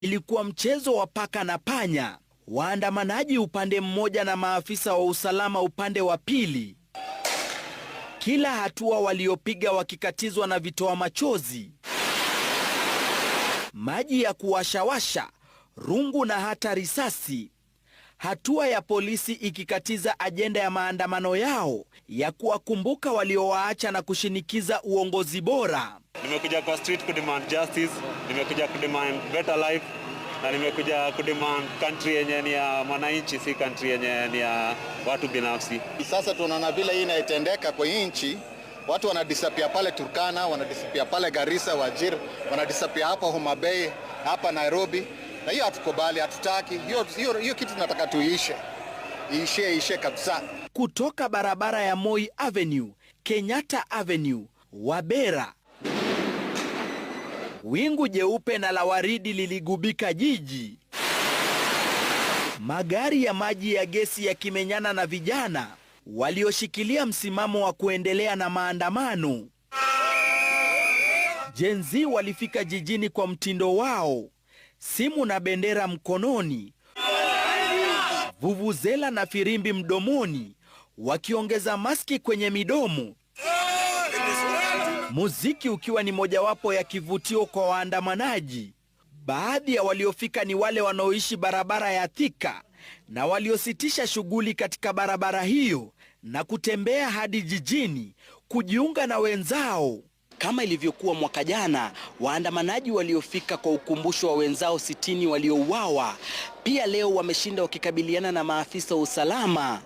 Ilikuwa mchezo wa paka na panya, waandamanaji upande mmoja na maafisa wa usalama upande wa pili, kila hatua waliopiga wakikatizwa na vitoa machozi, maji ya kuwashawasha, rungu na hata risasi hatua ya polisi ikikatiza ajenda ya maandamano yao ya kuwakumbuka waliowaacha na kushinikiza uongozi bora. Nimekuja kwa street kudemand justice, nimekuja kudemand better life na nimekuja kudemand country yenye ni ya mwananchi, si country yenye ni ya watu binafsi. Sasa tunaona vile hii inaitendeka kwa nchi, watu wanadisapia pale Turkana, wanadisapia pale Garissa, Wajir, wanadisapia hapa Homa Bay, hapa Nairobi na hiyo hatukubali, hatutaki hiyo, hiyo, hiyo kitu tunataka tuishe, ishe ishe kabisa. Kutoka barabara ya Moi Avenue, Kenyatta Avenue, Wabera, wingu jeupe na la waridi liligubika jiji, magari ya maji ya gesi yakimenyana na vijana walioshikilia msimamo wa kuendelea na maandamano. Gen Z walifika jijini kwa mtindo wao simu na bendera mkononi, vuvuzela na firimbi mdomoni, wakiongeza maski kwenye midomo, muziki ukiwa ni mojawapo ya kivutio kwa waandamanaji. Baadhi ya waliofika ni wale wanaoishi barabara ya Thika na waliositisha shughuli katika barabara hiyo na kutembea hadi jijini kujiunga na wenzao. Kama ilivyokuwa mwaka jana, waandamanaji waliofika kwa ukumbusho wa wenzao sitini waliouawa pia leo wameshinda wakikabiliana na maafisa wa usalama.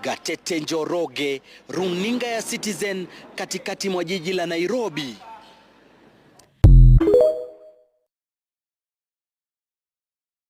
Gatete Njoroge, runinga ya Citizen, katikati mwa jiji la Nairobi.